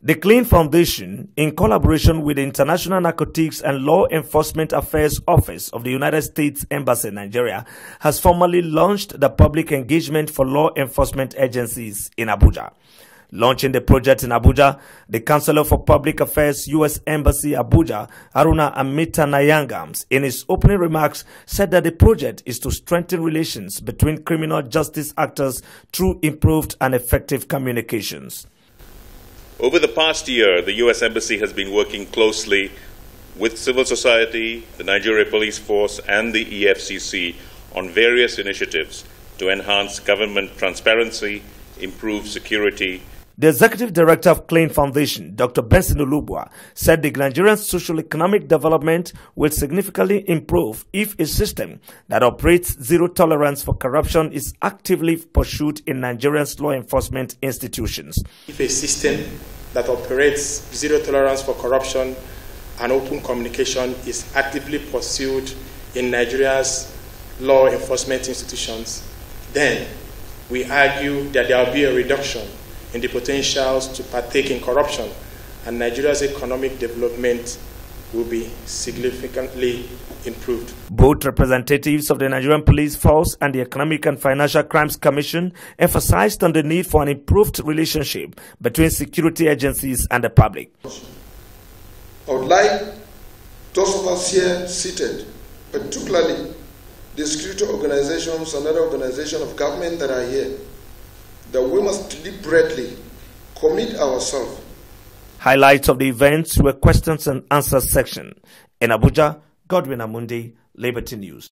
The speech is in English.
The Clean Foundation, in collaboration with the International Narcotics and Law Enforcement Affairs Office of the United States Embassy in Nigeria, has formally launched the Public Engagement for Law Enforcement Agencies in Abuja. Launching the project in Abuja, the Counselor for Public Affairs, U.S. Embassy Abuja, Aruna Amita Nayangams, in his opening remarks, said that the project is to strengthen relations between criminal justice actors through improved and effective communications. Over the past year, the U.S. Embassy has been working closely with civil society, the Nigeria Police Force, and the EFCC on various initiatives to enhance government transparency, improve security, the executive director of Clean Foundation, Dr. Benson Olubwa, said the Nigerian social economic development will significantly improve if a system that operates zero tolerance for corruption is actively pursued in Nigeria's law enforcement institutions. If a system that operates zero tolerance for corruption and open communication is actively pursued in Nigeria's law enforcement institutions, then we argue that there will be a reduction in the potentials to partake in corruption, and Nigeria's economic development will be significantly improved. Both representatives of the Nigerian Police Force and the Economic and Financial Crimes Commission emphasized on the need for an improved relationship between security agencies and the public. I would like those of us here seated, particularly the security organizations and other organizations of government that are here, that we must deliberately commit ourselves. Highlights of the events were questions and answers section. In Abuja, Godwin Amundi, Liberty News.